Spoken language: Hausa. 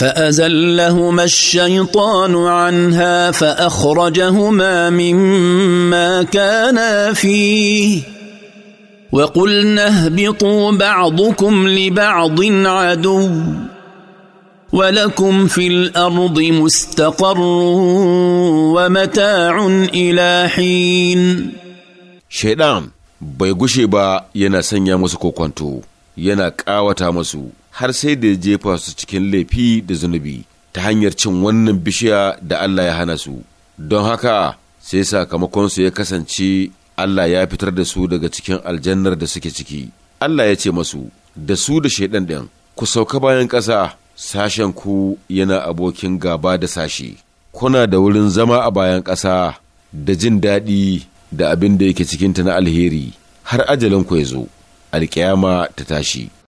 فأزلهما الشيطان عنها فأخرجهما مما كانا فيه وقلنا اهبطوا بعضكم لبعض عدو ولكم في الأرض مستقر ومتاع إلى حين شيطان bai ينا ba yana كونتو ينا kokwanto yana har sai da ya jefa su cikin laifi da zunubi ta hanyar cin wannan bishiya da Allah ya hana su don haka sai sakamakonsu ya kasance Allah ya fitar da su daga cikin aljannar da suke ciki Allah ya ce masu da su da shaidan ɗin ku sauka bayan ƙasa sashen ku yana abokin gaba da sashi kuna da wurin zama a bayan ƙasa da jin daɗi da abin da yake cikinta na alheri har ajalinku ya zo alƙiyama ta tashi